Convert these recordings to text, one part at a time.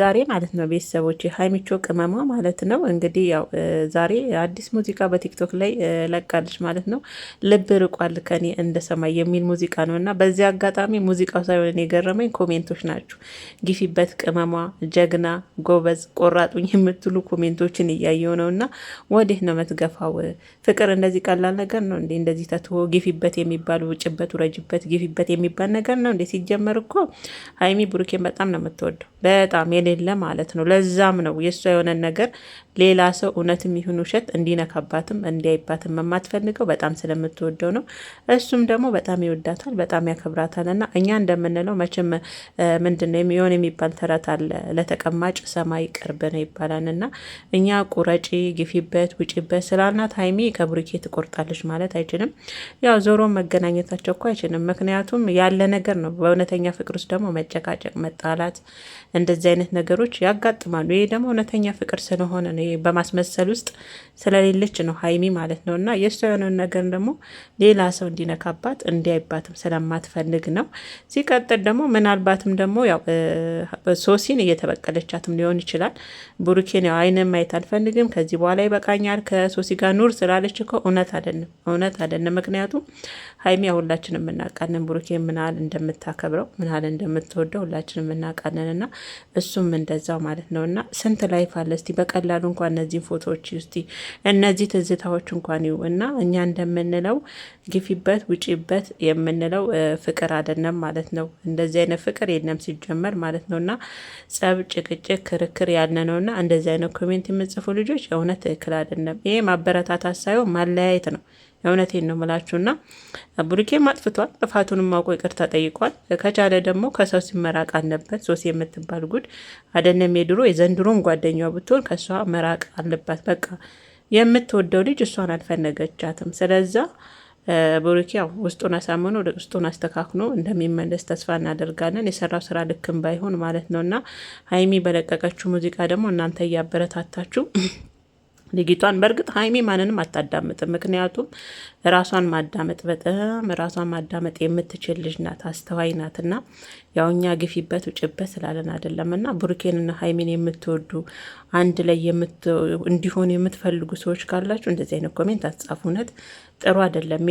ዛሬ ማለት ነው ቤተሰቦች ሀይሚቾ ቅመማ ማለት ነው እንግዲህ ያው ዛሬ አዲስ ሙዚቃ በቲክቶክ ላይ ለቃለች ማለት ነው። ልብ ርቋል ከኔ እንደ ሰማይ የሚል ሙዚቃ ነው እና በዚህ አጋጣሚ ሙዚቃው ሳይሆን የገረመኝ ኮሜንቶች ናቸው። ጊፊበት ቅመማ፣ ጀግና፣ ጎበዝ፣ ቆራጡኝ የምትሉ ኮሜንቶችን እያየው ነው እና ወዴት ነው መትገፋው? ፍቅር እንደዚህ ቀላል ነገር ነው እንዴ? እንደዚህ ተትሆ ጊፊበት የሚባል ውጭበት፣ ውረጅበት፣ ጊፊበት የሚባል ነገር ነው እንዴ? ሲጀመር እኮ ሀይሚ ብሩኬን በጣም ነው የምትወደው በጣም የሌለ ማለት ነው። ለዛም ነው የእሷ የሆነን ነገር ሌላ ሰው እውነትም ይሁን ውሸት እንዲነካባትም እንዲያይባትም የማትፈልገው በጣም ስለምትወደው ነው። እሱም ደግሞ በጣም ይወዳታል፣ በጣም ያከብራታል። እና እኛ እንደምንለው መቼም ምንድን ነው የሚባል ተረት አለ ለተቀማጭ ሰማይ ቅርብ ነው ይባላል። እና እኛ ቁረጪ፣ ግፊበት፣ ውጪበት ስላልናት ሀይሚ ከብሩኬ ትቆርጣለች ማለት አይችልም። ያው ዞሮ መገናኘታቸው እኮ አይችልም። ምክንያቱም ያለ ነገር ነው። በእውነተኛ ፍቅር ውስጥ ደግሞ መጨቃጨቅ፣ መጣላት እንደዚህ አይነት አይነት ነገሮች ያጋጥማሉ። ይሄ ደግሞ እውነተኛ ፍቅር ስለሆነ ነው። በማስመሰል ውስጥ ስለሌለች ነው ሀይሚ ማለት ነው። እና የእሷ የሆነውን ነገር ደግሞ ሌላ ሰው እንዲነካባት እንዲያይባትም ስለማትፈልግ ነው። ሲቀጥል ደግሞ ምናልባትም ደግሞ ያው ሶሲን እየተበቀለቻትም ሊሆን ይችላል። ቡሩኬን ያው አይንም ማየት አልፈልግም ከዚህ በኋላ ይበቃኛል ከሶሲ ጋር ኑር ስላለች እኮ እውነት አይደለም፣ እውነት አይደለም። ምክንያቱም ሀይሚ ሁላችን ሁላችንም እናውቃለን ምናል እንደምታከብረው ምናል እንደምትወደው ሁላችን እናውቃለን እና እሱም እንደዛው ማለት ነው። እና ስንት ላይፍ አለ እስቲ በቀላሉ እንኳን እነዚህ ፎቶዎች እስቲ እነዚህ ትዝታዎች እንኳን ይው እና እኛ እንደምንለው ግፊበት ውጪበት የምንለው ፍቅር አይደለም ማለት ነው። እንደዚህ አይነት ፍቅር የለም ሲጀመር ማለት ነው። እና ጸብ፣ ጭቅጭቅ፣ ክርክር ያለ ነው እና እንደዚህ አይነት ኮሜንት የምጽፉ ልጆች እውነት ትክክል አይደለም። ይሄ ማበረታታት ሳይሆን ማለያየት ነው። እውነቴን ነው ምላችሁና ቡሩኬም አጥፍቷል። ጥፋቱንም ማውቆ ይቅርታ ጠይቋል። ከቻለ ደግሞ ከሰው ሲመራቅ አለበት። ሶሲ የምትባል ጉድ አደነም። የድሮ የዘንድሮም ጓደኛ ብትሆን ከእሷ መራቅ አለባት። በቃ የምትወደው ልጅ እሷን አልፈነገቻትም። ስለዛ ቡሩኬ ያው ውስጡን አሳምኖ ውስጡን አስተካክሎ እንደሚመለስ ተስፋ እናደርጋለን። የሰራው ስራ ልክም ባይሆን ማለት ነው እና ሀይሚ በለቀቀችው ሙዚቃ ደግሞ እናንተ እያበረታታችሁ ልጊቷን በእርግጥ ሀይሜ ማንንም አታዳምጥም። ምክንያቱም ራሷን ማዳመጥ በጣም ራሷን ማዳመጥ የምትችል ልጅ ናት፣ አስተዋይ ናት። እና ያው እኛ ግፊበት ውጭበት ስላለን አይደለም። እና ብሩኬንና ሀይሜን የምትወዱ አንድ ላይ እንዲሆን የምትፈልጉ ሰዎች ካላችሁ እንደዚህ አይነት ኮሜንት አትጻፉ። እውነት ጥሩ አይደለም።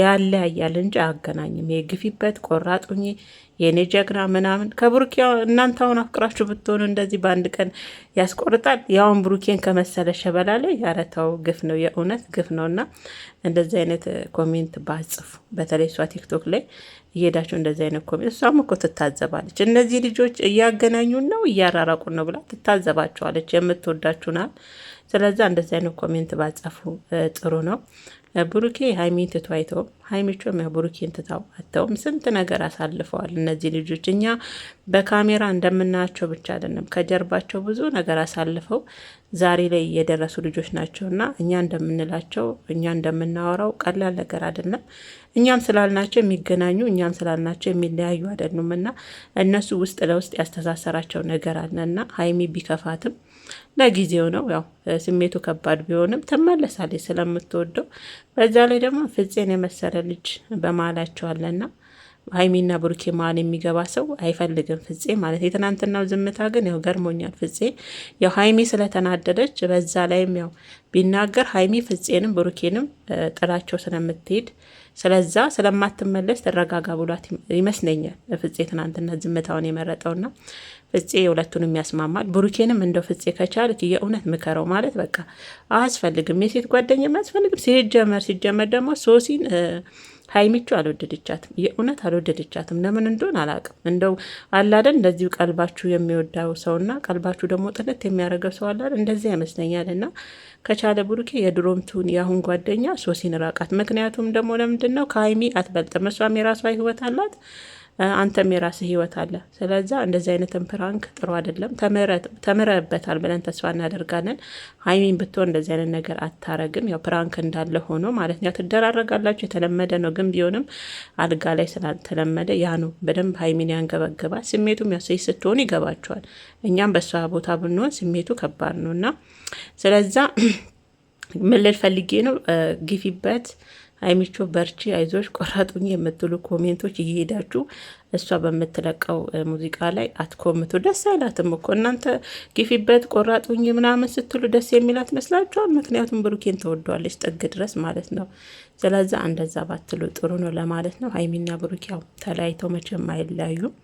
ያለያያል እንጂ አያገናኝም። የግፊበት ቆራጡኝ የኔ ጀግና ምናምን ከብሩኬ እናንተ አሁን አፍቅራችሁ ብትሆኑ እንደዚህ በአንድ ቀን ያስቆርጣል። ያውን ብሩኬን ከመሰለ ሸበላ ላይ ያረታው ግፍ ነው፣ የእውነት ግፍ ነው። እና እንደዚህ አይነት ኮሜንት ባጽፉ፣ በተለይ እሷ ቲክቶክ ላይ እየሄዳችሁ እንደዚህ አይነት ኮሜንት እሷም እኮ ትታዘባለች። እነዚህ ልጆች እያገናኙን ነው እያራራቁን ነው ብላ ትታዘባቸዋለች። የምትወዳችሁናል። ስለዚ እንደዚህ አይነት ኮሜንት ባጽፉ ጥሩ ነው። ብሩኬ ሀይሚን ትቶ አይተውም፣ ሀይሚቾም ብሩኬን ትታው አተውም። ስንት ነገር አሳልፈዋል እነዚህ ልጆች። እኛ በካሜራ እንደምናያቸው ብቻ አይደለም ከጀርባቸው ብዙ ነገር አሳልፈው ዛሬ ላይ የደረሱ ልጆች ናቸው እና እኛ እንደምንላቸው እኛ እንደምናወራው ቀላል ነገር አይደለም። እኛም ስላልናቸው የሚገናኙ እኛም ስላልናቸው የሚለያዩ አይደሉም እና እነሱ ውስጥ ለውስጥ ያስተሳሰራቸው ነገር አለ እና ሀይሚ ቢከፋትም ለጊዜው ነው ያው ስሜቱ ከባድ ቢሆንም ትመለሳለች ስለምትወደው በዛ ላይ ደግሞ ፍፄን የመሰለ ልጅ በመሀላቸው አለና ሀይሚና ብሩኬ መሀል የሚገባ ሰው አይፈልግም ፍፄ ማለት። የትናንትናው ዝምታ ግን ያው ገርሞኛል። ፍፄ ያው ሀይሚ ስለተናደደች በዛ ላይም ያው ቢናገር ሀይሚ ፍፄንም ብሩኬንም ጥላቸው ስለምትሄድ ስለዛ ስለማትመለስ ተረጋጋ ብሏት ይመስለኛል። ፍፄ ትናንትና ዝምታውን የመረጠውና ፍፄ የሁለቱንም ያስማማል። ብሩኬንም እንደው ፍፄ ከቻልክ የእውነት ምከረው ማለት በቃ አያስፈልግም፣ የሴት ጓደኛ አያስፈልግም። ሲጀመር ሲጀመር ደግሞ ሶሲን ሀይሚቹ አልወደድቻትም የእውነት አልወደድቻትም ለምን እንደሆን አላውቅም። እንደው አላደን እንደዚሁ ቀልባችሁ የሚወዳው ሰውና ቀልባችሁ ደግሞ ጥንት የሚያደርገው ሰው አላደን እንደዚህ ይመስለኛል። እና ከቻለ ብሩኬ የድሮምቱን የአሁን ጓደኛ ሶሲን ራቃት። ምክንያቱም ደግሞ ለምንድን ነው ከሀይሚ አትበልጥም። እሷም የራሷ ህይወት አላት አንተም የራስህ ህይወት አለ። ስለዛ እንደዚህ አይነትን ፕራንክ ጥሩ አይደለም። ተምረህበታል ብለን ተስፋ እናደርጋለን። ሀይሚን ብትሆን እንደዚህ አይነት ነገር አታረግም። ያው ፕራንክ እንዳለ ሆኖ ማለት ነው። ትደራረጋላችሁ፣ የተለመደ ነው። ግን ቢሆንም አልጋ ላይ ስላልተለመደ ያ ነው በደንብ ሀይሚን ያንገበግባል። ስሜቱም ያው ሴት ስትሆን ይገባቸዋል። እኛም በእሷ ቦታ ብንሆን ስሜቱ ከባድ ነው እና ስለዛ ምልል ፈልጌ ነው ግፊበት አይሚቾ በርቺ፣ አይዞች፣ ቆራጡኝ የምትሉ ኮሜንቶች እየሄዳችሁ እሷ በምትለቀው ሙዚቃ ላይ አትኮምቱ። ደስ አይላትም እኮ እናንተ ግፊበት፣ ቆራጡኝ ምናምን ስትሉ ደስ የሚላት መስላችኋል? ምክንያቱም ብሩኬን ተወደዋለች ጥግ ድረስ ማለት ነው። ስለዛ እንደዛ ባትሉ ጥሩ ነው ለማለት ነው። ሀይሚና ብሩኬ ያው ተለያይተው መቼም አይለያዩም።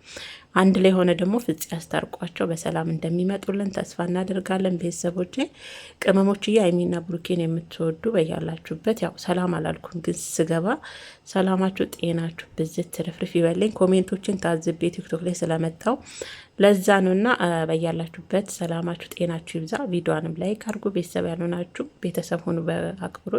አንድ ላይ ሆነ ደግሞ ፍጽ ያስታርቋቸው በሰላም እንደሚመጡልን ተስፋ እናደርጋለን። ቤተሰቦቼ ቅመሞችዬ፣ ሀይሚና ብሩኬን የምትወዱ በያላችሁበት ያው ሰላም አላልኩም፣ ግን ስገባ ሰላማችሁ፣ ጤናችሁ ብዝት ትርፍርፍ ይበለኝ ኮሜንቶች ነገሮችን ታዝቤ ቲክቶክ ላይ ስለመጣው ለዛ ነው። እና በያላችሁበት ሰላማችሁ፣ ጤናችሁ ይብዛ። ቪዲዮንም ላይክ አድርጉ። ቤተሰብ ያልሆናችሁ ቤተሰብ ሆኑ በአክብሮት